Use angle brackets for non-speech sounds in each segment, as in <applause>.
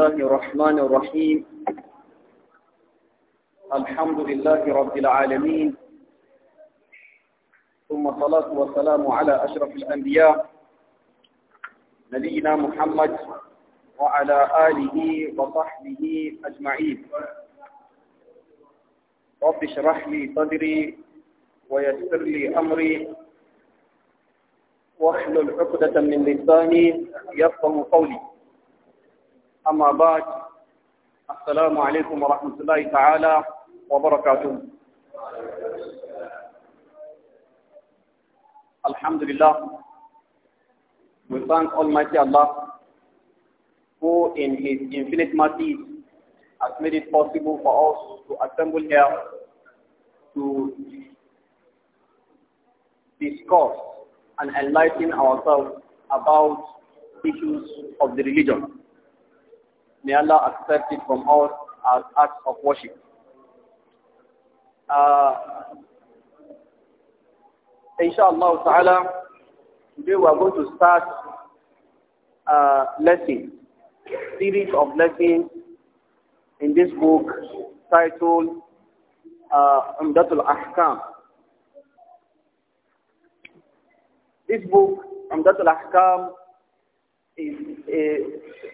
الله الرحمن الرحيم الحمد لله رب العالمين ثم صلاة والسلام على أشرف الأنبياء نبينا محمد وعلى آله وصحبه أجمعين رب اشرح لي صدري ويسر لي أمري واحلل عقدة من لساني يفهم قولي أما بعد السلام عليكم ورحمة الله تعالى وبركاته Alhamdulillah we thank Almighty Allah who in His infinite mercy has made it possible for us to assemble here to discuss and enlighten ourselves about issues of the religion. May Allah accept it from us as acts of worship. Uh, inshallah ta'ala, today we are going to start a uh, lesson, series of lessons in this book titled uh, Umdatul Ahkam. This book, Umdatul Ahkam, is a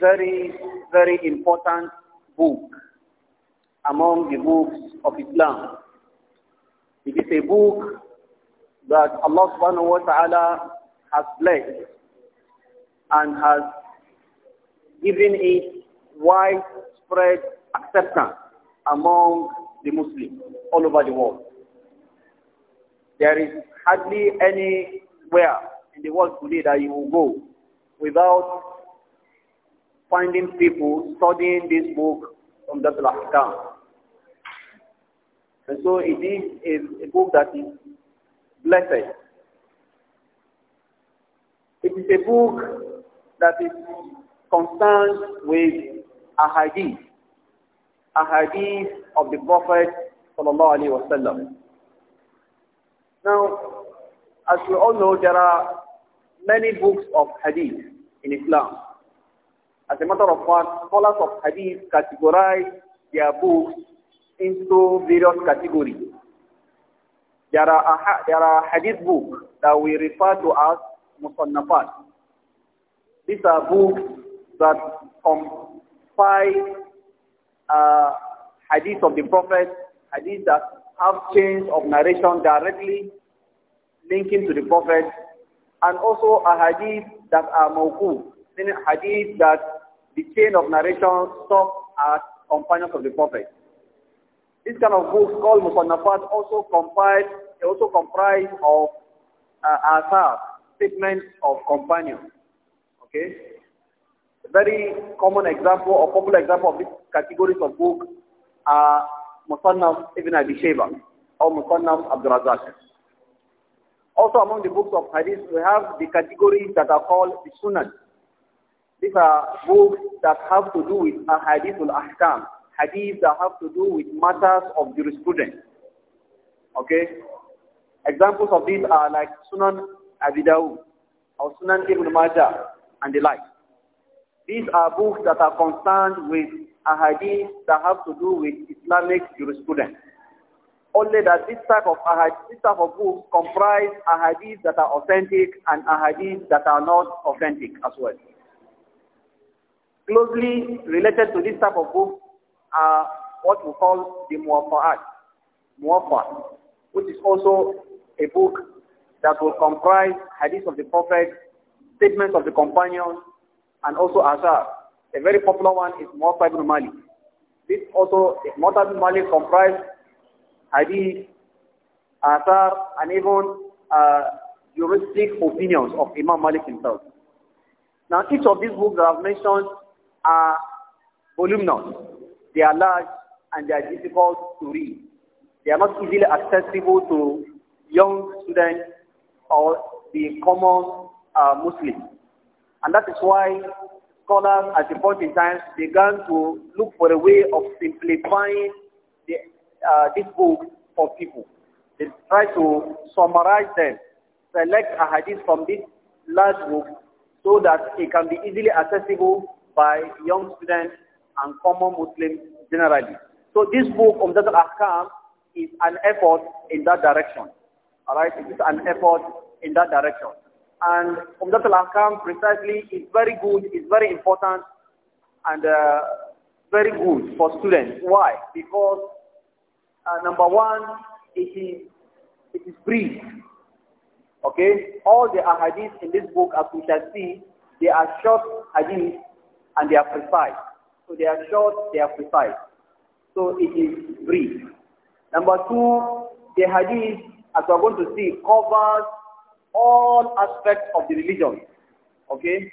very, very important book among the books of Islam. It is a book that Allah subhanahu wa ta'ala has blessed and has given it widespread acceptance among the Muslims all over the world. There is hardly anywhere in the world today that you will go without finding people studying this book from the Ahkam. And so it is a, book that is blessed. It is a book that is concerned with a hadith of the Prophet sallallahu alaihi wasallam. Now, as we all know, there are many books of hadith in Islam. As a matter of fact, scholars of hadith categorize their books into various categories. There are, a, there are hadith books that we refer to as musannafat. These are books that compile uh, hadith of the Prophet, hadith that have chains of narration directly linking to the Prophet and also a hadith that are mawku, meaning hadith that the chain of narration stops at companions of the Prophet. This kind of book called Musannafat also comprise, also comprise of uh, asar, statements of companions. Okay? A very common example or popular example of these categories of books are Musannaf Ibn Abi Shayba or Musannaf Abdul Razak. Also among the books of hadith, we have the categories that are called the sunan. These are books that have to do with ahadith al-ahkam, hadith that have to do with matters of jurisprudence. Okay? Examples of these are like Sunan Abi Dawud, or Sunan Ibn Majah, and the like. These are books that are concerned with Hadith that have to do with Islamic jurisprudence only that this type of ahadith, this type of book comprise ahadith that are authentic and ahadith that are not authentic as well. Closely related to this type of book are what we call the Muwafa'at, Muwafa, which is also a book that will comprise hadith of the Prophet, statements of the companions, and also Ashar. A very popular one is Muwafa ibn Malik. This also, Muwafa ibn Malik comprised hadith, athar, and even uh, juristic opinions of Imam Malik himself. Now, each of these books that I've mentioned are voluminous. They are large and they are difficult to read. They are not easily accessible to young students or the common uh, Muslim. And that is why scholars at the point in time began to look for a way of simplifying the uh, this book for people. They try to summarize them, select a hadith from this large book so that it can be easily accessible by young students and common Muslims generally. So this book, Umdat al-Ahkam, is an effort in that direction. Alright, it is an effort in that direction. And Umdat al-Ahkam precisely is very good, is very important, and uh, very good for students. Why? Because uh, number one, it is, it is brief. Okay? All the hadiths in this book, as we shall see, they are short hadith and they are precise. So they are short, they are precise. So it is brief. Number two, the hadith, as we are going to see, covers all aspects of the religion. Okay?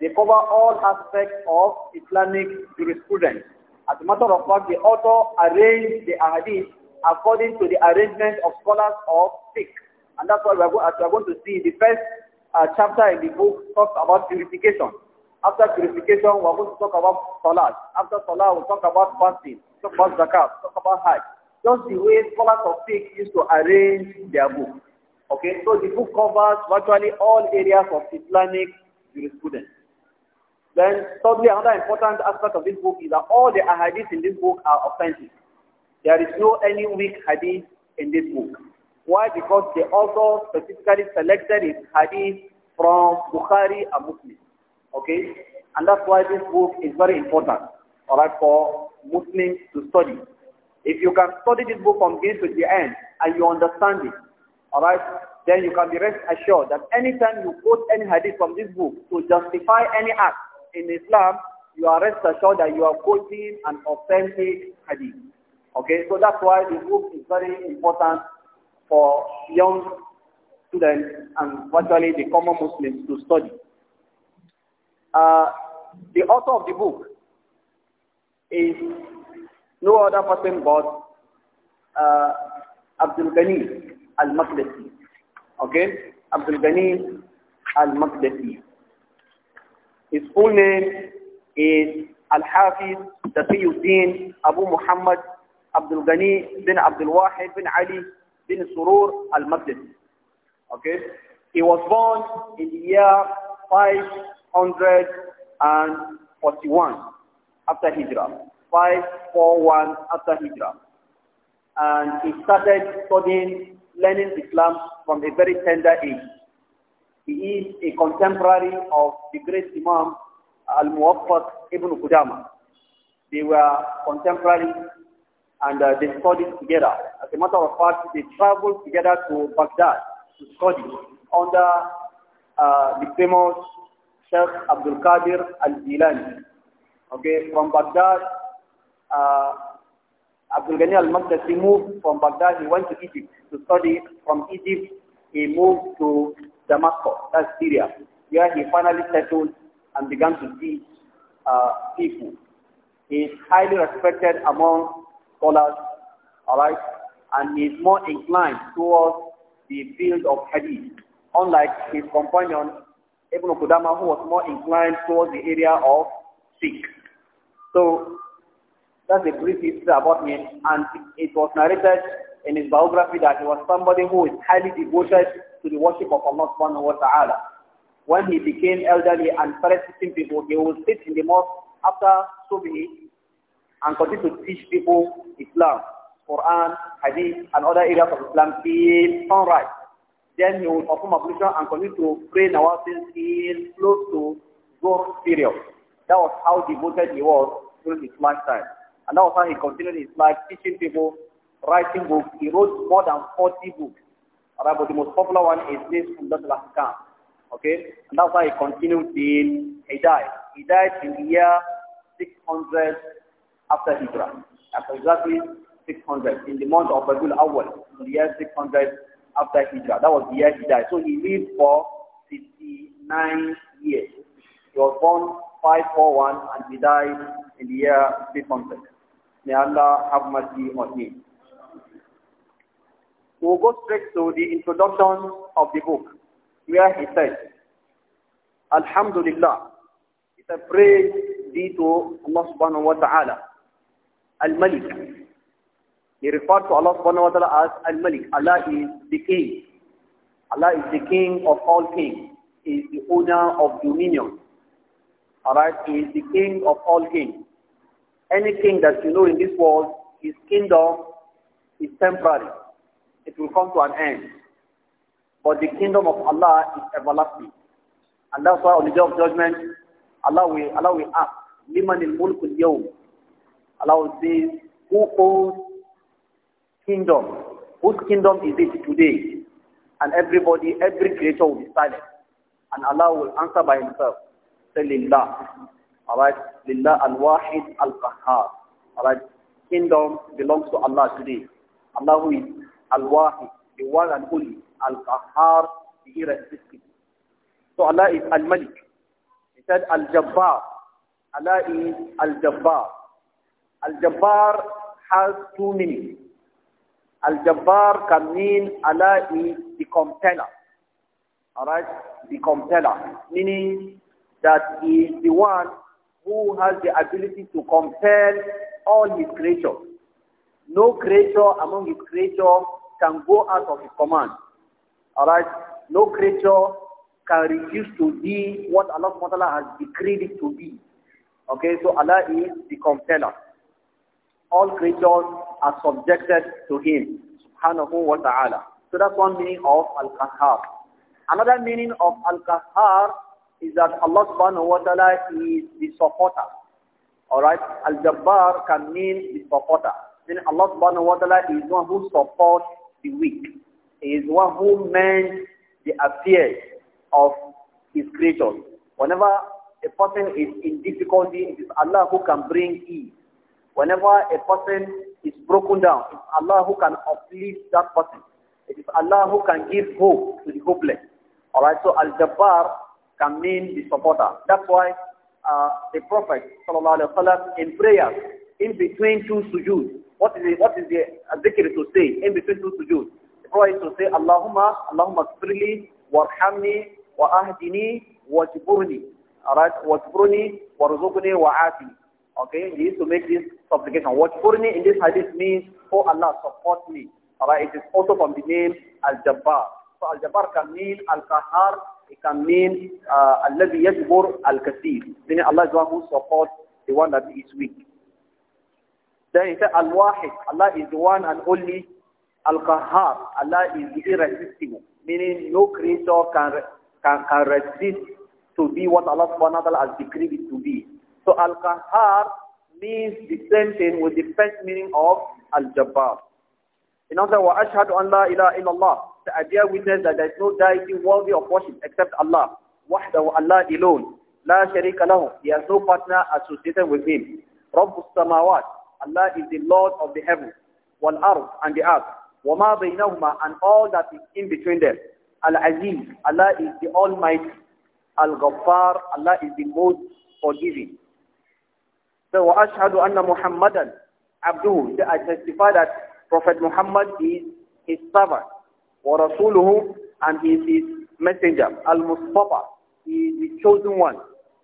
They cover all aspects of Islamic jurisprudence. As a matter of fact, the author arranged the hadith according to the arrangement of scholars of fiqh. And that's why we are going to see the first uh, chapter in the book talks about purification. After purification, we are going to talk about salat. After salat, we'll talk about fasting, talk about zakat, talk about hajj. Just the way scholars of fiqh used to arrange their book. Okay, so the book covers virtually all areas of Islamic jurisprudence. Then thirdly, another important aspect of this book is that all the ahadith in this book are authentic. There is no any weak hadith in this book. Why? Because the author specifically selected his hadith from Bukhari and Muslim. Okay? And that's why this book is very important, all right, for Muslims to study. If you can study this book from beginning to the end and you understand it, all right, then you can be rest assured that anytime you quote any hadith from this book to justify any act, in Islam, you are rest assured that you are quoting an authentic hadith. Okay, so that's why the book is very important for young students and virtually the common Muslims to study. Uh, the author of the book is no other person but uh, Abdul Ghani al-Maqdisi. Okay, Abdul Ghani al-Maqdisi. His full name is Al-Hafiz Taqiyuddin Abu Muhammad Abdul Ghani bin Abdul Wahid bin Ali bin Surur Al-Maqdis. Okay? He was born in the year 541 after Hijrah. 541 after Hijrah. And he started studying, learning Islam from a very tender age. He is a contemporary of the great Imam Al-Muwaffaq Ibn Qudama. They were contemporary and uh, they studied together. As a matter of fact, they traveled together to Baghdad to study under uh, the famous Sheikh Abdul Qadir Al-Jilani. Okay, from Baghdad, uh, Abdul Ghani Al-Maqdisi moved from Baghdad, he went to Egypt to study. From Egypt, he moved to Damascus, that's Syria, where he finally settled and began to teach uh, people. He is highly respected among scholars, all right, and he is more inclined towards the field of hadith, unlike his companion Ibn Qudama, who was more inclined towards the area of fiqh. So that's a brief history about him, and it was narrated in his biography that he was somebody who is highly devoted to the worship of Allah subhanahu wa ta'ala. When he became elderly and started teaching people, he would sit in the mosque after Subhi and continue to teach people Islam, Quran, Hadith, and other areas of Islam till sunrise. Then he would perform ablution and continue to pray nawafil till close to Zohr period. That was how devoted he was during his lifetime. And that was how he continued his life teaching people writing book. He wrote more than 40 books. but the most popular one is this Umdat al Okay, and that's why he continued till he died. He died in the year 600 after Hijrah. After exactly 600, in the month of Rabiul Awal, in the year 600 after Hijrah. That was the year he died. So he lived for 59 years. He was born 541 and he died in the year 600. May Allah have mercy on him. We'll go straight to the introduction of the book, where he says, Alhamdulillah, it's a praise to Allah subhanahu wa ta'ala, Al-Malik. He referred to Allah subhanahu wa ta'ala as Al-Malik. Allah is the king. Allah is the king of all kings. He is the owner of dominion. Alright, he is the king of all kings. Any king that you know in this world, his kingdom is temporary it will come to an end. But the kingdom of Allah is everlasting. And that's why on the day of judgment, Allah will, Allah will ask, Liman al mulk Allah will say, who owns kingdom? Whose kingdom is it today? And everybody, every creator will be silent. And Allah will answer by himself. Say, Lillah. Alright? Lillah al-Wahid al qahar, Alright? Kingdom belongs to Allah today. Allah who is al wahi the one and only, Al-Qahhar, the irresistible. So Allah is Al-Malik. He said Al-Jabbar. Allah is Al-Jabbar. Al-Jabbar has two meanings. Al-Jabbar can mean Allah is the compeller. Alright? The compeller. Meaning that he is the one who has the ability to compel all his creatures. No creature among his creatures can go out of his command. Alright? No creature can refuse to be what Allah Taala has decreed it to be. Okay, so Allah is the compeller. All creatures are subjected to him. Subhanahu wa ta'ala. So that's one meaning of Al-Kahar. Another meaning of Al-Kahar is that Allah subhanahu wa ta'ala is the supporter. Alright? Al-Jabbar can mean the supporter. Then Allah subhanahu wa ta'ala is one who supports the weak. He is one who mends the affairs of his creators. Whenever a person is in difficulty, it is Allah who can bring ease. Whenever a person is broken down, it's Allah who can uplift that person. It is Allah who can give hope to the hopeless. Alright, so Al-Jabbar can mean the supporter. That's why uh, the Prophet وسلم, in prayer, in between two sujood, what is the, what is the dhikr to say in between two sujood? The Prophet to say, Allahumma, Allahumma gfirli, warhamni, wa ahdini, wajburni. Alright, "wa wa wajburni, wa aati." Okay, he used to make this supplication. "Wa Wajburni in this hadith means, oh Allah, support me. Alright, it is also from the name Al-Jabbar. So Al-Jabbar can mean Al-Qahar, it can mean الذي Al الكثير meaning Allah is the one who supports the one that is weak then he said, Al-Wahid, Allah is the one and only. Al-Qahhar, Allah is the irresistible, meaning no creator can, can, can resist to be what Allah subhanahu wa ta'ala has decreed it to be. So Al-Qahhar means the same thing with the first meaning of Al-Jabbar. In other words, وَأَشْهَدُ أَنْ لَا إِلَهَ إِلَّا اللَّهِ The idea witness that there is no deity worthy of worship except Allah. وَحْدَهُ Allah alone. لَا شَرِيكَ لَهُ He has no partner associated with him. رَبُّ السَّمَاوَاتِ Allah is the Lord of the heavens, one Earth and the earth, wama baynahuma and all that is in between them. Al Aziz, Allah is the Almighty. Al Ghaffar, Allah is the most forgiving. So wa ashhadu anna Muhammadan I testify that Prophet Muhammad is his servant, wa and he is his messenger. Al Mustafa, he is the chosen one.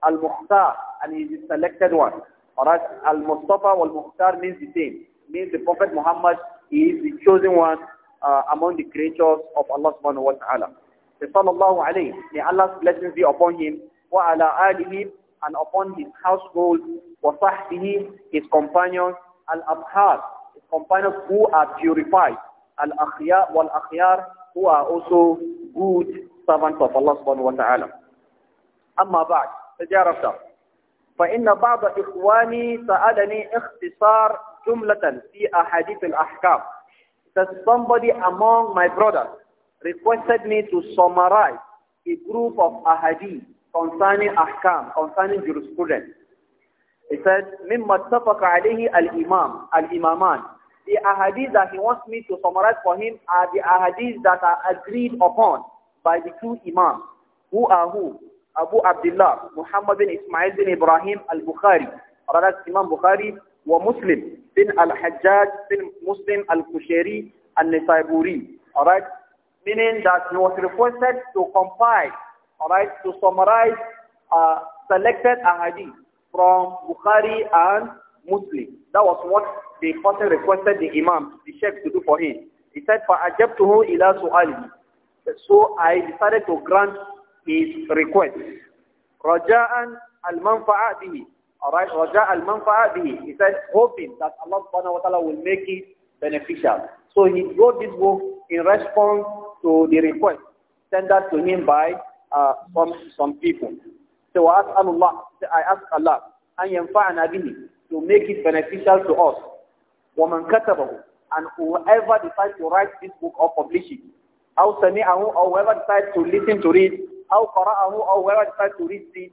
Al Mukhtar, and he is the selected one. Alright, Al-Mustafa Al mukhtar means the same. Means the Prophet Muhammad is the chosen one uh, among the creatures of Allah subhanahu wa ta'ala. Sallallahu alayhi, may Allah's blessings be upon him, wa ala alihim, and upon his household, wa sahbihi, his companions, al-abhar, his companions who are purified, al-akhyar, wal-akhyar, who are also good servants of Allah subhanahu wa ta'ala. Amma ba'd, thereafter. فإن بعض إخواني سألني اختصار جملة في أحاديث الأحكام that somebody among my brothers requested me to summarize a group of ahadith concerning ahkam, concerning jurisprudence. He said, مما اتفق عليه الإمام, الإمامان. The ahadith that he wants me to summarize for him are the ahadith that are agreed upon by the two imams. Who are who? Abu Abdullah Muhammad bin Ismail bin Ibrahim al-Bukhari Imam Bukhari, Muslim bin al Hajjaj bin Muslim al مسلم الكشيري النسائبوري alright meaning that he was requested to compile alright to summarize uh, selected ahadith from Bukhari and Muslim that was what the person requested the imam the sheikh to do for him he said فأجبته ila سؤاله so I decided to grant his request. Raja'an al-manfa'a Alright, Raja al-manfa'a He said, hoping that Allah subhanahu wa ta'ala will make it beneficial. So he wrote this book in response to the request sent that to him by uh, some, some people. So I ask Allah, I ask Allah, أن ينفعنا به, to make it beneficial to us. ومن كتبه, and whoever decides to write this book or publish it, أو سمعه, أو whoever decides to listen to it, أو قرأه أو whoever decides to read it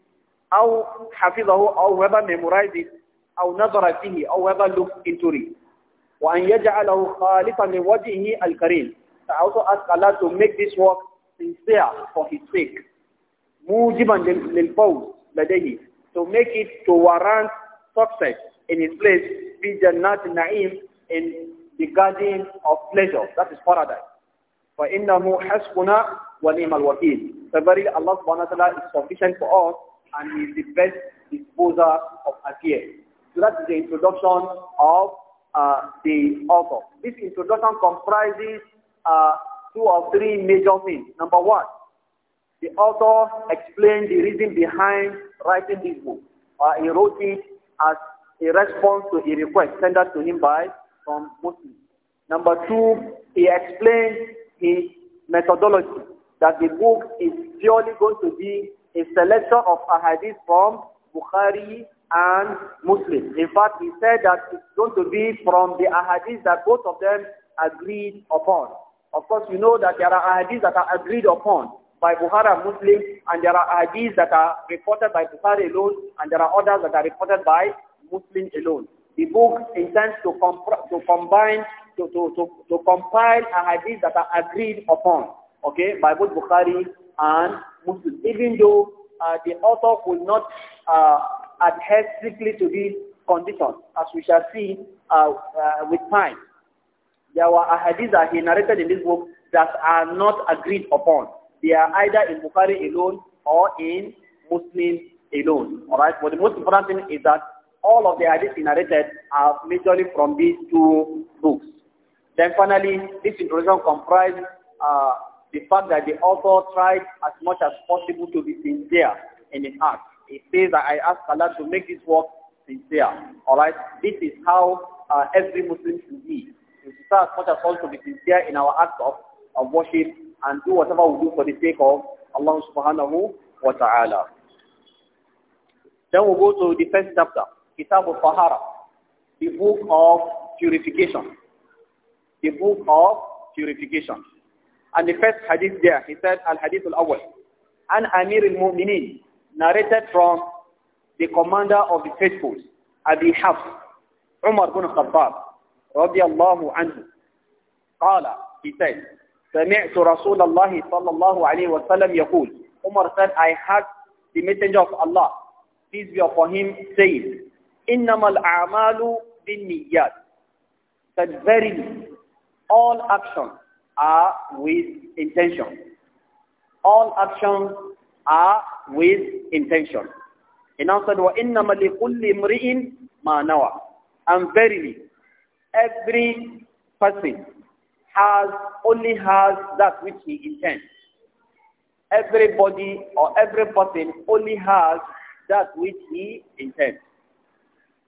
أو حفظه أو it أو نظر فيه أو whoever looked into it وأن يجعله خالصا لوجهه الكريم I also ask Allah to make this work sincere for his sake موجبا للفوز لديه to make it to warrant success in his place في جنات النعيم in the garden of pleasure that is paradise فَإِنَّهُ حَسْبُنَا وَنِعْمَ الْوَكِيلُ very Allah subhanahu wa ta'ala is sufficient for us and He is the best disposer of affairs. So that is the introduction of uh, the author. This introduction comprises uh, two or three major things. Number one, the author explained the reason behind writing this book. Uh, he wrote it as a response to a request out to him by some Muslims. Number two, he explained his methodology, that the book is purely going to be a selection of ahadith from Bukhari and Muslim. In fact, he said that it's going to be from the ahadith that both of them agreed upon. Of course, you know that there are ahadith that are agreed upon by Bukhari and Muslim, and there are ahadith that are reported by Bukhari alone, and there are others that are reported by Muslim alone. The book intends to, to combine, to, to, to, to compile a hadith that are agreed upon, okay, by both Bukhari and Muslim. Even though uh, the author will not uh, adhere strictly to these conditions, as we shall see uh, uh with time. There were hadiths that he narrated in this book that are not agreed upon. They are either in Bukhari alone or in Muslim alone. All right. But the most important thing is that all of the ideas narrated are majorly from these two books. Then finally, this introduction comprises uh, the fact that the author tried as much as possible to be sincere in his act. He says that I ask Allah to make this work sincere. Alright? This is how uh, every Muslim should be. We should try as much as possible to be sincere in our act of, of worship and do whatever we do for the sake of Allah subhanahu wa ta'ala. Then we'll go to the first chapter. Kitab al-Tahara, the book of purification. The book of purification. And the first hadith there, he said, Al-Hadith al-Awwal. An Amir al muminin narrated from the commander of the faithful, Abi Hafs, Umar bin Khattab, radiallahu anhu. Qala, he said, سمعت رسول الله صلى الله عليه وسلم يقول Umar said, I had the messenger of Allah, peace be upon him, saying, innamal a'malu bin niyyat. That verily, all actions are with intention. All actions are with intention. In answer, وَإِنَّمَا لِكُلِّ امْرِئٍ مَا نَوَى And verily, every person has only has that which he intends. Everybody or every person only has that which he intends.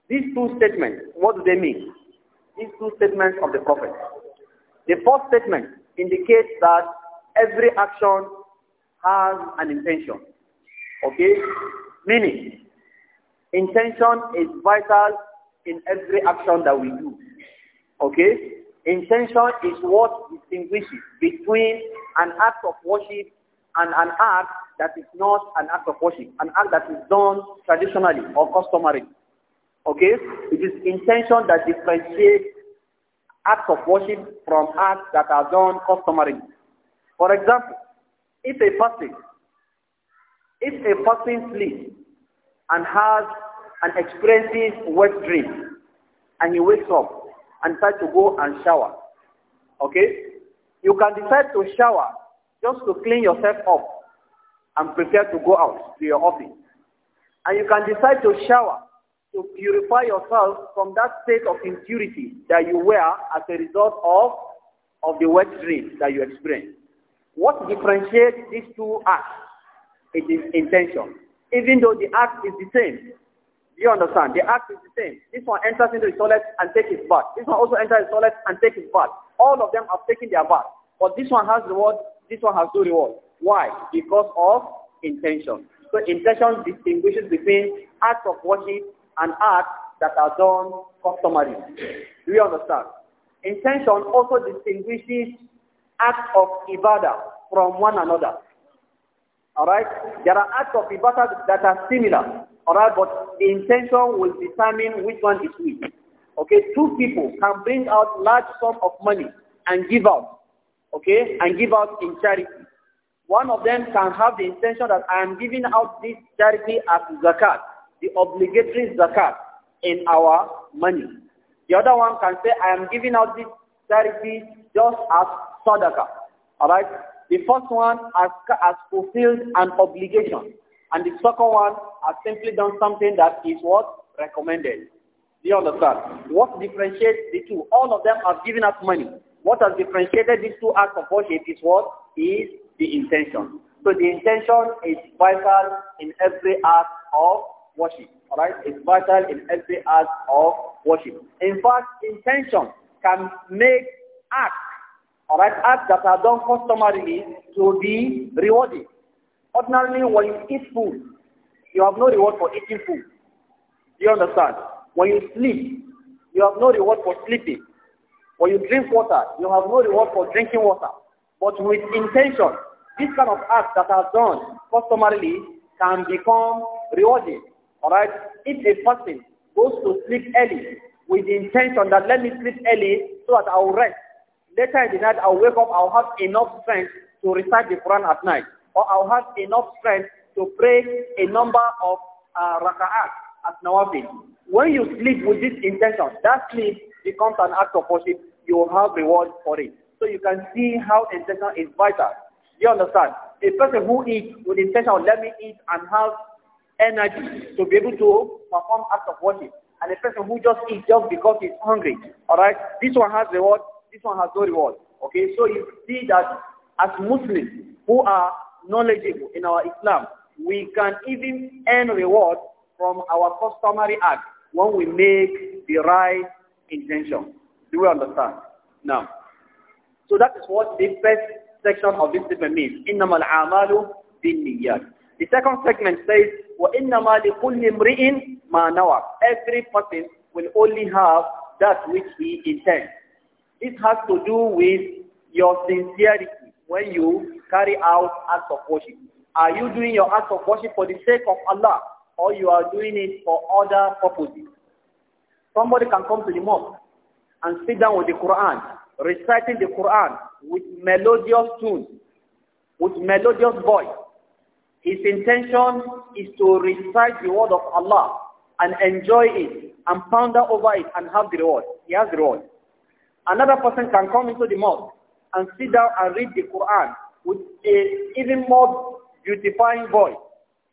These two statements, what do they mean? These two statements of the Prophet. The first statement indicates that every action has an intention. Okay? Meaning, intention is vital in every action that we do. Okay? Intention is what distinguishes between an act of worship and an act that is not an act of worship, an act that is done traditionally or customarily. Okay? It is intention that differentiates acts of worship from acts that are done customarily. For example, if a person, if a person sleeps and has an experiences wet dream, and he wakes up and tries to go and shower, okay, you can decide to shower just to clean yourself up and prepare to go out to your office. And you can decide to shower to purify yourself from that state of impurity that you were as a result of, of the wet dream that you experienced. What differentiates these two acts? It is intention. Even though the act is the same, you understand? The act is the same. This one enters into the toilet and takes his bath. This one also enters the toilet and takes his bath. All of them have taken their bath. But this one has reward, this one has no reward. Why? Because of intention. So intention distinguishes between acts of worship and acts that are done customarily. Do you understand? Intention also distinguishes acts of ibadah from one another. Alright? There are acts of ibadah that are similar. Alright? But intention will determine which one is which. Okay? Two people can bring out large sum of money and give out. Okay? And give out in charity. One of them can have the intention that I am giving out this charity as zakat the obligatory zakat in our money. The other one can say, I am giving out this charity just as sadaqah. Alright? The first one has, has fulfilled an obligation. And the second one has simply done something that is what? Recommended. Do you understand? What differentiates the two? All of them have given us money. What has differentiated these two acts of worship is what? Is the intention. So the intention is vital in every act of worship. Alright? It's vital in every act of worship. In fact, intention can make acts, alright, acts that are done customarily to be rewarded. Ordinarily, when you eat food, you have no reward for eating food. Do you understand? When you sleep, you have no reward for sleeping. When you drink water, you have no reward for drinking water. But with intention, this kind of acts that are done customarily can become rewarded. Alright? If a person goes to sleep early with the intention that let me sleep early so that I'll rest. Later in the night I'll wake up, I'll have enough strength to recite the Quran at night. Or I'll have enough strength to pray a number of uh, raka'at at Nawafil. When you sleep with this intention, that sleep becomes an act of worship. You will have reward for it. So you can see how intention is vital. You understand? A person who eats with intention, let me eat and have energy to be able to perform acts of worship. And a person who just eats just because he's hungry, all right? This one has reward, this one has no reward, okay? So you see that as Muslims who are knowledgeable in our Islam, we can even earn reward from our customary act when we make the right intention. Do we understand? Now, so that is what the first section of this statement means. إِنَّمَا الْعَمَالُ بِالنِّيَّاتِ the second segment says, وَإِنَّمَا لِكُلِّ امْرِئٍ مَا نَوَى Every person will only have that which he intends. This has to do with your sincerity when you carry out acts of worship. Are you doing your acts of worship for the sake of Allah or you are doing it for other purposes? Somebody can come to the mosque and sit down with the Quran, reciting the Quran with melodious tune, with melodious voice. His intention is to recite the word of Allah and enjoy it and ponder over it and have the reward. He has the reward. Another person can come into the mosque and sit down and read the Quran with a even more beautifying voice.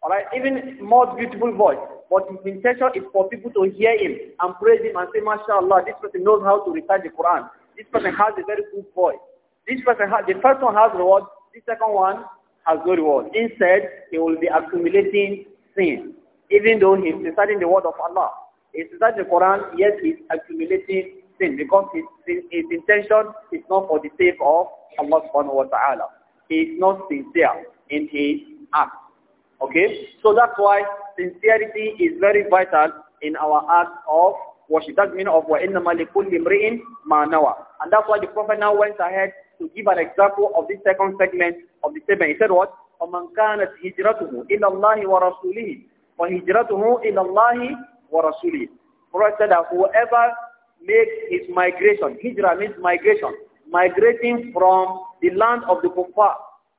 Alright, even more beautiful voice. But his intention is for people to hear him and praise him and say, MashaAllah, this person knows how to recite the Quran. This person has a very good voice. This person has, the first one has reward, the second one has no was. Instead, he will be accumulating sin. Even though he is reciting the word of Allah. He is reciting the Quran, yet he is accumulating sin because his, his intention is not for the sake of Allah subhanahu wa ta'ala. He is not sincere in his act. Okay? So that's why sincerity is very vital in our act of worship. That means of وَإِنَّمَا لِكُلِّ مْرِئٍ مَا نَوَى. And that's why the Prophet now went ahead to give an example of this second segment of the statement. He said what? وَمَنْ كَانَتْ هِجْرَتُهُ إِلَى اللَّهِ وَرَسُولِهِ وَهِجْرَتُهُ إِلَى اللَّهِ وَرَسُولِهِ Prophet said that whoever makes his migration, hijrah means migration, migrating from the land of the kuffar,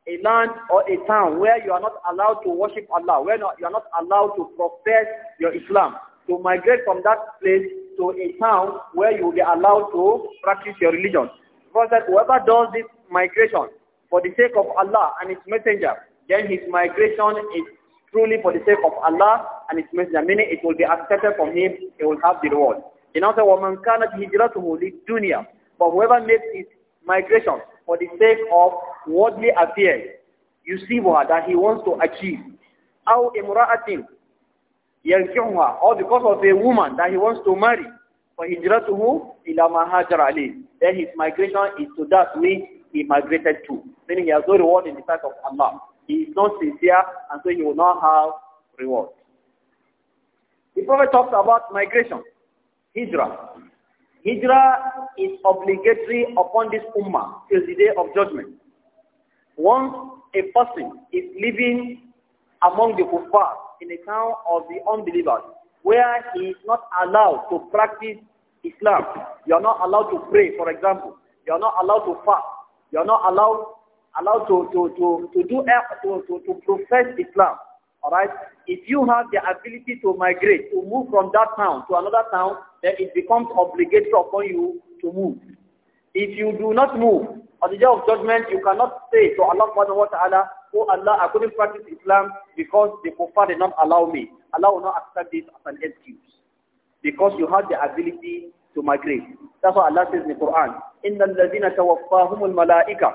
a land or a town where you are not allowed to worship Allah, where you are not allowed to profess your Islam, to migrate from that place to a town where you will be allowed to practice your religion. Because whoever does this migration, for the sake of Allah and His Messenger, then his migration is truly for the sake of Allah and His Messenger, meaning it will be accepted from him, he will have the reward. In other words, وَمَنْ كَانَتْ هِجْرَتُهُ dunya, But whoever makes his migration for the sake of worldly affairs, you see what that he wants to achieve. أَوْ إِمْرَأَةٍ يَرْجِعُهَا Or because of a woman that he wants to marry, فَهِجْرَتُهُ إِلَى مَا هَاجَرَ عَلِيهِ Then his migration is to that which he migrated to. Meaning he has no reward in the sight of Allah. He is not sincere and so he will not have reward. The Prophet talks about migration, hijrah. Hijrah is obligatory upon this ummah till the day of judgment. Once a person is living among the kuffar in the town of the unbelievers, where he is not allowed to practice Islam, you are not allowed to pray, for example, you are not allowed to fast, you're not allowed allowed to to to to do eh, to to, to profess Islam. All right. If you have the ability to migrate, to move from that town to another town, then it becomes obligatory upon you to move. If you do not move, on the day of judgment, you cannot say to Allah subhanahu wa ta'ala, Oh Allah, I couldn't practice Islam because the kuffar did not allow me. Allah will not accept this as an excuse. Because you have the ability to migrate. That's what Allah says in the Quran. إِنَّ الَّذِينَ تَوَفَّاهُمُ الْمَلَائِكَةِ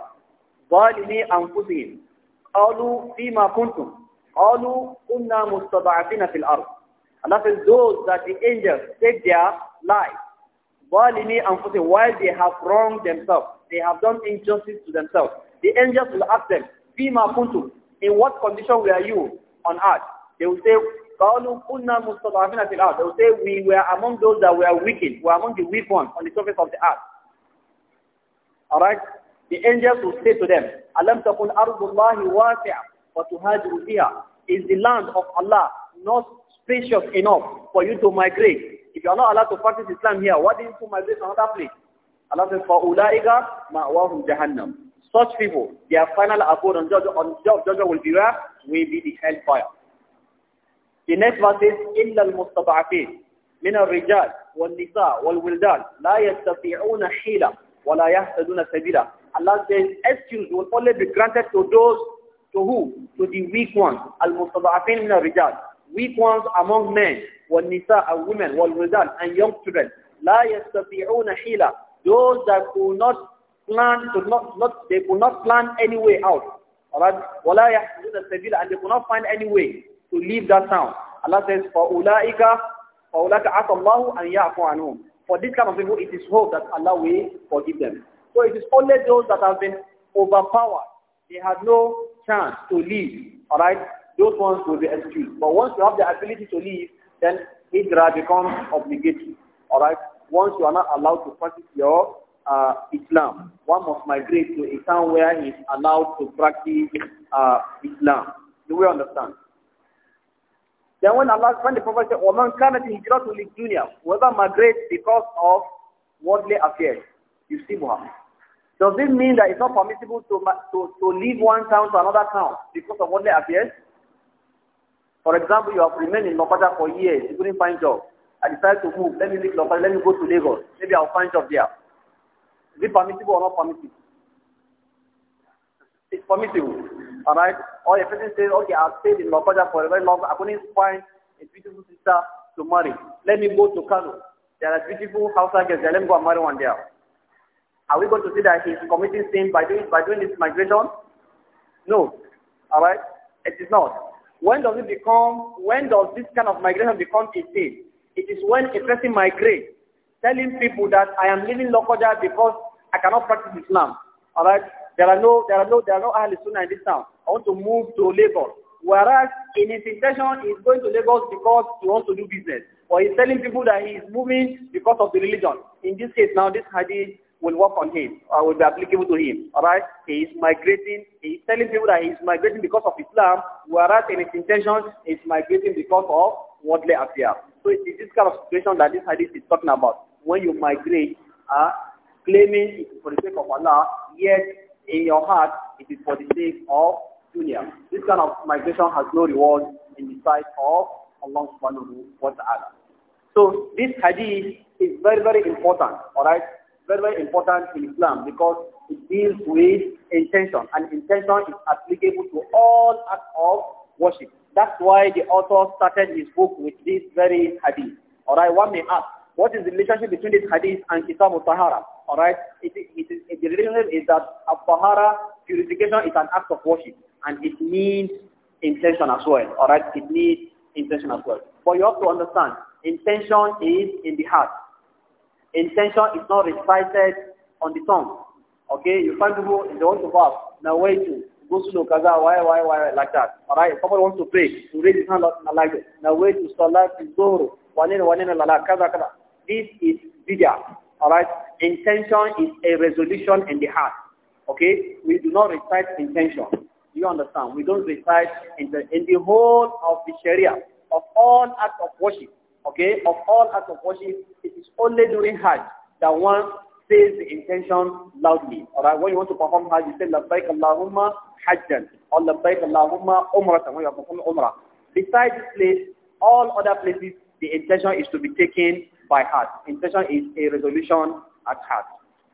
ظَالِمِي أَنفُسِهِمْ قَالُوا فِي مَا كُنْتُمْ قَالُوا كُنَّا مُسْتَضَعَفِينَ فِي الْأَرْضِ Allah says those that the angels saved their life, ظَالِمِي أَنفُسِهِمْ while they have wronged themselves, they have done injustice to themselves. The angels will ask them, فِي مَا كُنْتُمْ In what condition were you on earth? They will say, قالوا كنا مستضعفين في الأرض. They will say we were among those that were wicked, We were among the weak ones on the surface of the earth. Alright? The angels will say to them, أَلَمْ تَكُنْ أَرْضُ اللَّهِ وَاسِعًا فَتُهَاجِرُ فِيهَا Is the land of Allah not spacious enough for you to migrate? If you are not allowed to practice Islam here, why do you migrate to another place? Allah says, فَأُولَٰئِكَ مَأْوَاهُمْ جَهَنَّمُ Such people, their final abode on judgment, on judgment will be where? Will be the hellfire. The next verse is إِلَّا الْمُسْتَضْعَفِينَ مِنَ الرِّجَالِ وَالنِّسَاءِ وَالْوِلْدَانِ لَا يَسْتَطِيعُونَ حِيلًا وَلَا يَهْتَدُونَ سَبِيلًا Allah says excuse will only be granted to those to who? To the weak ones. Al-Mustada'afin min al-Rijal. Weak ones among men. Wal-Nisa and uh, women. Wal-Rizal and young children. La yastati'una hila. Those that could not plan, could not, not, they could not plan any way out. Alright? Wala yahzuna sabila. And they could not find any way to leave that town. Allah says, فَأُولَٰئِكَ for عَسَى اللَّهُ أَنْ يَعْفُ anhum. For this kind of people, it is hope that Allah will forgive them. So it is only those that have been overpowered. They have no chance to leave. Alright? Those ones will be excused. But once you have the ability to leave, then Hijra becomes obligatory. Alright? Once you are not allowed to practice your uh, Islam, one must migrate to a town where he is allowed to practice uh, Islam. Do we understand? Then when Allah, when the Prophet said, وَمَنْ كَانَتْ هِجْرَةُ لِلدُّنْيَا Whoever migrates because of worldly affairs, you see Muhammad. Does this mean that it's not permissible to, to, to leave one town to another town because of worldly affairs? For example, you have remained in Lopata for years, you couldn't find job. I decided to move, let me leave Lopata, let me go to Lagos. Maybe I'll find job there. Is it permissible or not permissible? It's permissible. Alright? Or a person says, okay, I've stayed in Lopaja for a very long time. I couldn't find a beautiful sister to marry. Let me go to Kano. There are beautiful house girls. Let me go and marry one there. Are we going to see that he's committing sin by doing, by doing this migration? No. Alright? It is not. When does it become, when does this kind of migration become a sin? It is when a person migrates, telling people that I am leaving Lokoja because I cannot practice Islam. Alright? There are no, there are no, there are no Ahl Sunnah in this town. I want to move to Lagos. Whereas in his intention, he's going to Lagos because he wants to do business. Or he's telling people that he is moving because of the religion. In this case, now this hadith will work on him, or will be applicable to him. Alright? He is migrating, he is telling people that he is migrating because of Islam, whereas in his intention, he is migrating because of worldly affairs. So it is this kind of situation that this hadith is talking about. When you migrate, uh, claiming for the sake of Allah, yet in your heart, it is for the sake of dunya. This kind of migration has no reward in the sight of Allah subhanahu wa ta'ala. So this hadith is very, very important, alright? Very, very important in Islam because it deals with intention and intention is applicable to all acts of worship. That's why the author started his book with this very hadith. Alright, one may ask, what is the relationship between this hadith and Kitab al-Tahara? Alright, it, it, it, the relationship is that al-Tahara, purification is an act of worship and it needs intention as well. Alright, it needs intention as well. But you have to understand, intention is in the heart. Intention is not recited on the tongue. Okay, you find people, the want to fast, now wait to, go slow, kaza, why, why, why, like that. Alright, if someone wants to pray, to raise his hand like this. Now wait to salat, zuhru, wanina, wanina, lala, kaza, kaza. This is bid'ah. All right. Intention is a resolution in the heart. Okay. We do not recite intention. You understand? We don't recite in the in the whole of the Sharia of all acts of worship. Okay. Of all acts of worship, it is only during Hajj that one says the intention loudly. All right. When you want to perform Hajj, you say Labbaik Allahumma Hajjan or Labbaik Allahumma Umrah. when you are performing Umrah. Besides this place, all other places, the intention is to be taken by heart. Intention is a resolution at heart.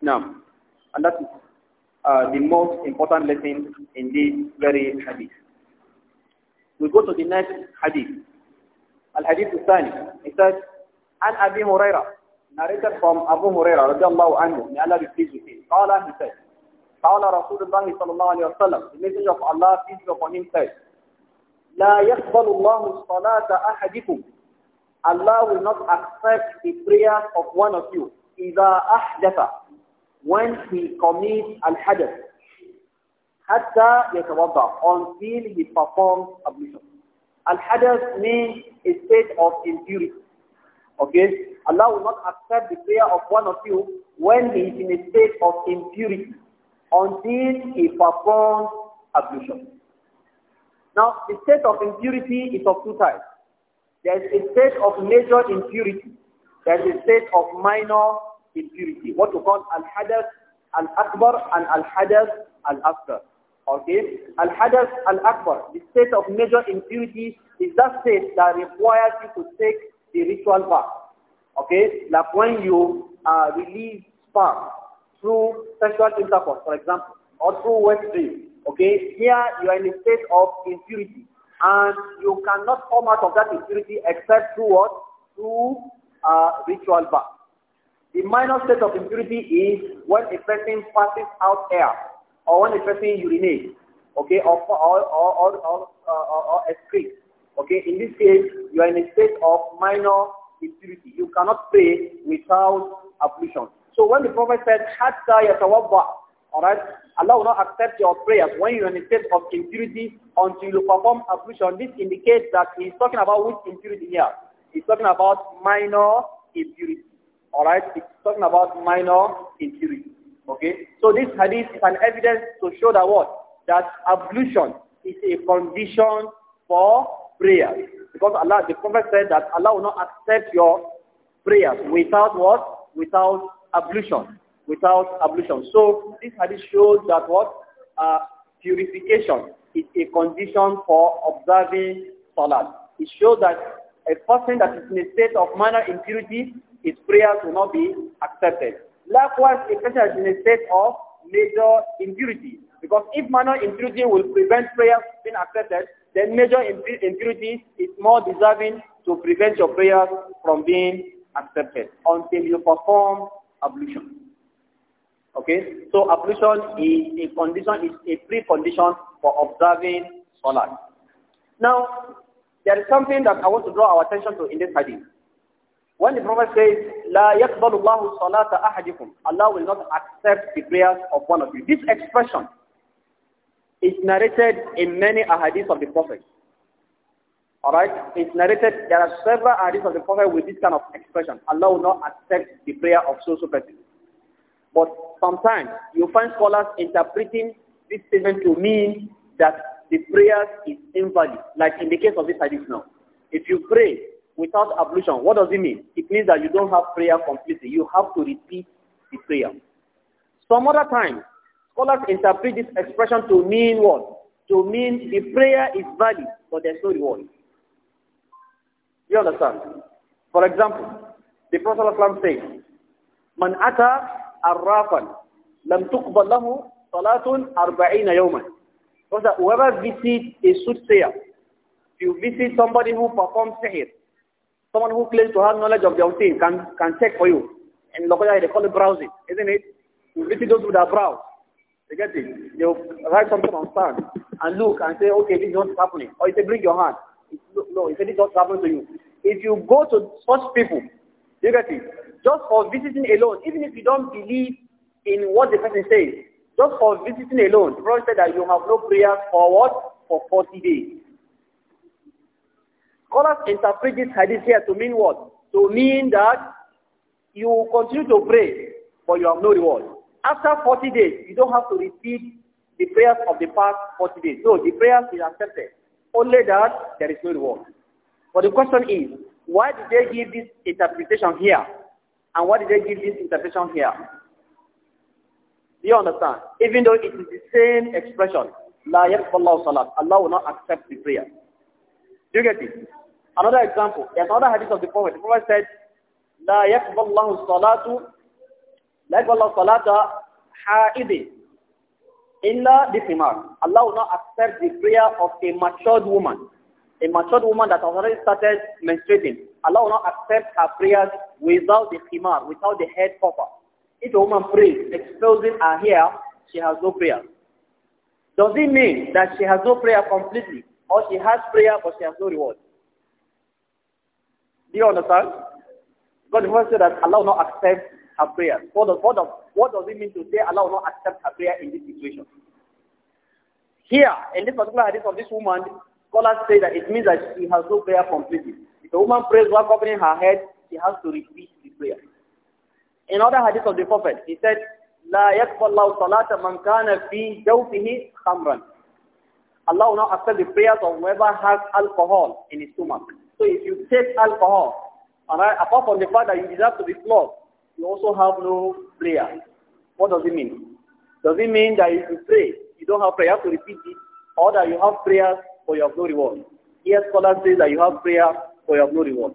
Now, and that is uh, the most important lesson in this very hadith. We go to the next hadith. Al-Hadith al-Thani. It says, An Abi Huraira, narrated from Abu Huraira, radiallahu anhu, may Allah be pleased with him. Qala, he said, Qala Rasulullah sallallahu alayhi wa sallam, the message of Allah, peace be upon him, said, "La يقبل الله صلاة ahadikum." Allah will not accept the prayer of one of you. إِذَا أَحْدَثَ When he commits al-hadath. حَتَّى يَتَوَضَّعَ Until he performs ablution. Al-hadath means a state of impurity. Okay? Allah will not accept the prayer of one of you when he is in a state of impurity until he performs ablution. Now, the state of impurity is of two types. There is a state of major impurity. There is a state of minor impurity. What we call al-hadath al-akbar and al-hadath al akbar Okay? Al-hadath al-akbar, the state of major impurity is that state that requires you to take the ritual bath. Okay? Like when you uh, release sperm through sexual intercourse, for example, or through wet dream. Okay? Here you are in a state of impurity. And you cannot come out of that impurity except through what? Through uh, ritual bath. The minor state of impurity is when a person passes out air or when a person urinates, okay, or, or, or, or, or, excretes. Okay, in this case, you are in a state of minor impurity. You cannot pray without ablution. So when the Prophet said, حَتَّى يَتَوَضَّعَ Alright? Allah will not accept your prayers when you're in a state of impurity until you perform ablution. This indicates that he's talking about which impurity here? He's talking about minor impurity. Alright? He's talking about minor impurity. Okay? So this hadith is an evidence to show that what? That ablution is a condition for prayer. Because Allah, the Prophet said that Allah will not accept your prayers without what? Without ablution without ablution. So this hadith shows that what? Uh, purification is a condition for observing salah. It shows that a person that is in a state of minor impurity, his prayers will not be accepted. Likewise, a person that is in a state of major impurity, because if minor impurity will prevent prayers being accepted, then major impurity is more deserving to prevent your prayers from being accepted until you perform ablution. Okay, so ablution is a condition, is a precondition for observing Salah. Now, there is something that I want to draw our attention to in this hadith. When the Prophet says, لا يقبل الله صلاة أحدكم, Allah will not accept the prayers of one of you. This expression is narrated in many ahadith of the Prophet. Alright? It's narrated, there are several ahadith of the Prophet with this kind of expression. Allah will not accept the prayer of so-so person. But sometimes you find scholars interpreting this statement to mean that the prayer is invalid, like in the case of this hadith now. If you pray without ablution, what does it mean? It means that you don't have prayer completely. You have to repeat the prayer. Some other times, scholars interpret this expression to mean what? To mean the prayer is valid, but there's no reward. You understand? For example, the Prophet says, Man ata arrafan lam tuqbal lahu salatun arba'ina yawman. So that whoever visits a soothsayer, if you visit somebody who performs sihr, someone who claims to have knowledge of the unseen can, can check for you. In Lokoya they call it browsing, isn't it? You visit those with their browse. You get it? You write something on sand and look and say, okay, this is not happening. Or you say, bring your hand. No, you say, this is not happening to you. If you go to such people, you get it? Just for visiting alone, even if you don't believe in what the person says, just for visiting alone, the Prophet said that you have no prayers for what? For 40 days. Scholars interpret this hadith here to mean what? To mean that you continue to pray, but you have no reward. After 40 days, you don't have to repeat the prayers of the past 40 days. No, the prayers is accepted. Only that there is no reward. But the question is, why did they give this interpretation here? And what did they give this interpretation here? Do you understand? Even though it is the same expression, La yakballahu salat, Allah will not accept the prayer. Do you get it? Another example, there's another hadith of the Prophet. The Prophet said, La yakballahu salatu, La yakballahu salata ha'idi, illa dithimar. Allah will not accept the prayer of a matured woman. A matured woman that has already started menstruating. Allah will not accept her prayers without the khimar, without the head cover. If a woman prays, exposing her hair, she has no prayer. Does it mean that she has no prayer completely? Or she has prayer but she has no reward? Do you understand? God first said that Allah will not accept her prayer. What does, what, does, what does it mean to say Allah will not accept her prayer in this situation? Here, in this particular hadith of this woman, scholars say that it means that she has no prayer completely. The woman prays while covering her head, she has to repeat the prayer. In other hadith of the Prophet, he said, لا يقبل الله صلاة من كان في جوفه خمرا. Allah will not accept the prayers of whoever has alcohol in his stomach. So if you take alcohol, alright, apart from the fact that you deserve to be flogged, you also have no prayer. What does it mean? Does it mean that if you pray, you don't have prayer, to repeat it, or that you have prayers but you have no reward? Here scholars say that you have prayer for your no reward.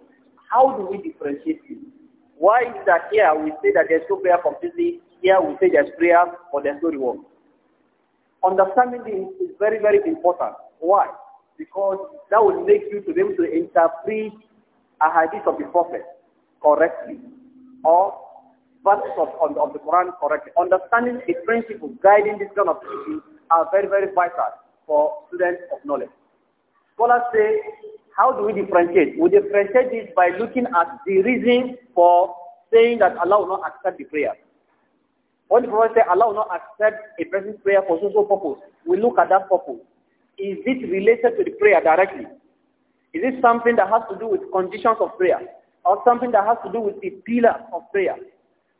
How do we differentiate you? Why is that here we say that there's no prayer completely, here we say there's prayer but there's no reward? Understanding this is very, very important. Why? Because that will make you to be able to interpret a hadith of the Prophet correctly or verses of, of, of the Quran correctly. Understanding the principles guiding this kind of teaching are very, very vital for students of knowledge. Scholars say how do we differentiate? We differentiate it by looking at the reason for saying that Allah will not accept the prayer. When the Prophet said Allah will not accept a person's prayer for social purpose, we look at that purpose. Is it related to the prayer directly? Is it something that has to do with conditions of prayer? Or something that has to do with the pillar of prayer?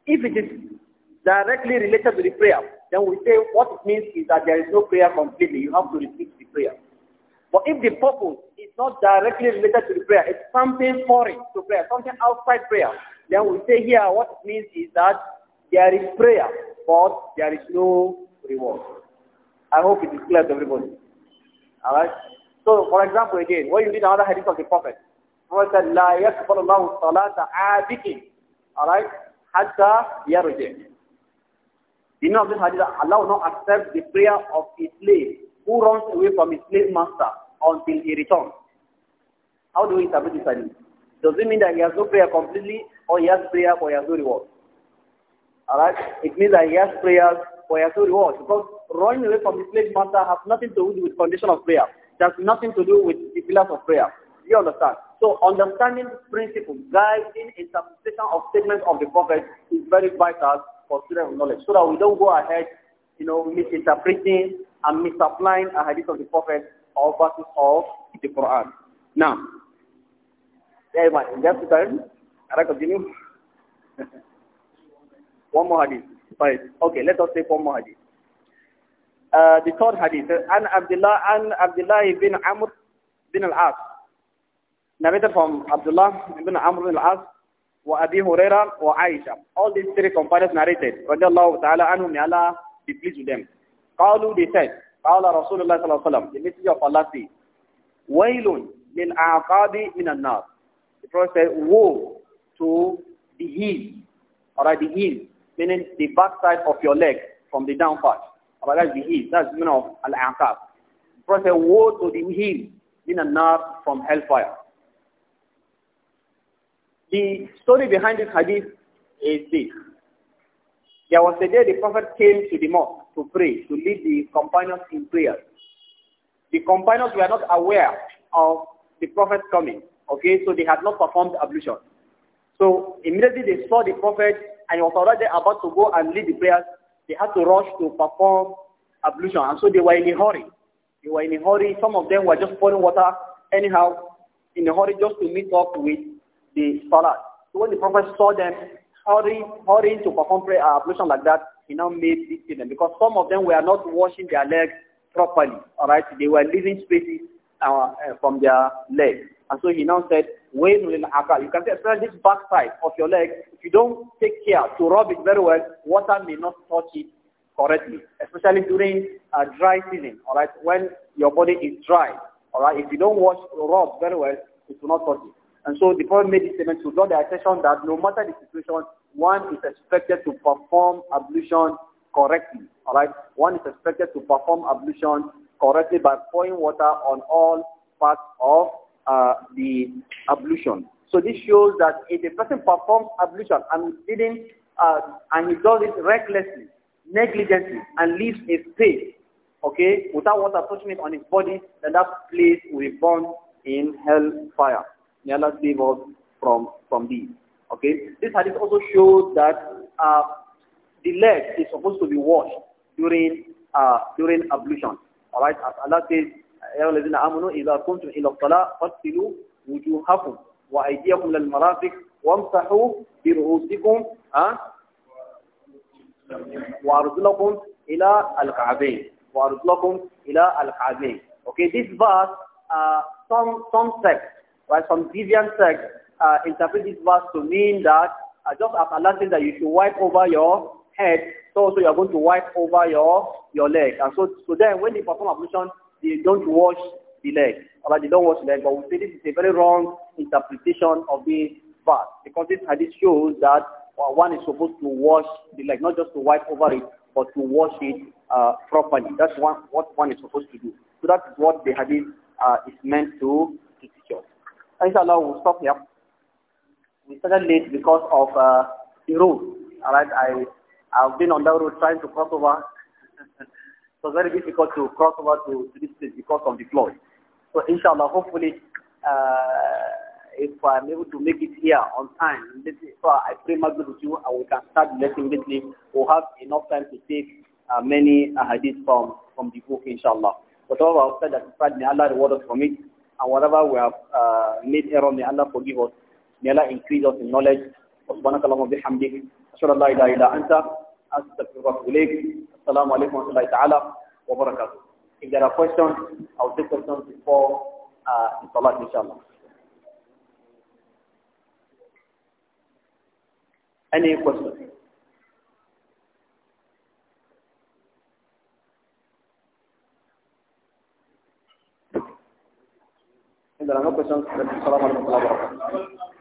If it is directly related to the prayer, then we say what it means is that there is no prayer completely. You have to repeat the prayer. But if the purpose not directly related to the prayer. It's something foreign to prayer, something outside prayer. Then we say here what it means is that there is prayer, but there is no reward. I hope it is clear to everybody. Alright? So, for example, again, when you read another hadith of the Prophet, Prophet said, لا يقبل الله صلاة عابد Alright? حتى يرجع. You know this hadith, Allah will not accept the prayer of his slave who runs away from his slave master until he returns. How do we interpret this hadith? Does it mean that he has no prayer completely or he has prayer for he has no reward? Alright? It means that he has prayers for he has no reward because running away from the slave master has nothing to do with condition of prayer. has nothing to do with the pillars of prayer. You understand? So understanding principle, guiding interpretation of statements of the prophet is very vital for students of knowledge so that we don't go ahead, you know, misinterpreting and misapplying a hadith of the prophet or verses of the Quran. Now, yeah, just a second. Can I continue? <laughs> one more hadith. Right. Okay, let us take one more hadith. Uh, the third hadith. An Abdullah, an Abdullah ibn Amr ibn al-As. Narrated from Abdullah ibn Amr ibn al-As. wa Abi Huraira, wa Aisha. All these three companions narrated. رضي الله تعالى عنهم. May Allah be pleased with them. قالوا they said. قال Rasulullah Sallallahu صلى الله عليه The message of Allah said. ويل lil aqabi min a nar The Prophet said, woe to the heel, all right, the heel, meaning the backside of your leg from the down part. All right, that's the heel. That's the meaning of al-aqab. The Prophet said, woe to the heel min a nar from hellfire. The story behind this hadith is this. There was a day the Prophet came to the mosque to pray, to lead the companions in prayer. The companions were not aware of the Prophet coming. Okay, so they had not performed ablution. So immediately they saw the prophet and he was already about to go and lead the prayers. They had to rush to perform ablution. And so they were in a hurry. They were in a hurry. Some of them were just pouring water anyhow in a hurry just to meet up with the scholars. So when the prophet saw them hurry, hurrying to perform prayer, uh, ablution like that, he now made this them because some of them were not washing their legs properly. All right, they were leaving spaces uh, from their leg. And so he now said, "When You can say, especially this backside of your leg, if you don't take care to rub it very well, water may not touch it correctly, especially during a uh, dry season, all right, when your body is dry, all right, if you don't wash rub very well, it will not touch it. And so the Prophet made this statement to draw the attention that no matter the situation, one is expected to perform ablution correctly. All right, one is expected to perform ablution correctly by pouring water on all parts of uh, the ablution. So this shows that if a person performs ablution and didn't, uh, and he does it recklessly, negligently, and leaves a space, okay, without water touching it on his body, then that place will burn in hell May Allah save us from, from these. Okay, this hadith also shows that uh, the leg is supposed to be washed during uh, during ablution. Alright, as Allah says, يَا الَّذِينَ آمَنُوا إِذَا كُنْتُمْ إِلَى الصَّلَاةِ فَاغْسِلُوا وُجُوهَكُمْ وَأَيْدِيَكُمْ لِلْمَرَافِقِ وَامْسَحُوا بِرُءُوسِكُمْ وَأَرْجُلَكُمْ إِلَى الْكَعْبَيْنِ وَأَرْجُلَكُمْ إِلى الْكَعْبَيْنِ Okay, this verse, uh, some some sects, right, some deviant sects uh, interpret this verse to mean that uh, just as Allah says that you should wipe over your head, so also you are going to wipe over your, your leg. And so, so then when they perform ablution, they don't wash the leg. Or they don't wash the leg. But we say this is a very wrong interpretation of the verse. Because this hadith shows that uh, one is supposed to wash the leg, not just to wipe over it, but to wash it uh, properly. That's one, what one is supposed to do. So that's what the hadith uh, is meant to, to teach us. Inshallah, we'll stop here. We started late because of uh, the road. All right, I I've been on that road trying to cross over. it was <laughs> very difficult to cross over to, to this place because of the flood. So inshallah, hopefully, uh, if I'm able to make it here on time, so I pray Maghrib with you and we can start lesson immediately. We'll have enough time to take uh, many uh, hadiths from, from the book, inshallah. Whatever I've said that may Allah reward us from it. And whatever we have uh, made error, may Allah forgive us. May Allah increase us in knowledge. سبحانك اللهم وبحمدك أشهد أن لا إله إلا أنت Astaghfirullah Assalamu alaikum wa ta'ala wa barakatuh. If there are questions, I'll take questions before uh, Salat inshallah. Any questions? If there are no questions, then Assalamu alaikum wa barakatuh.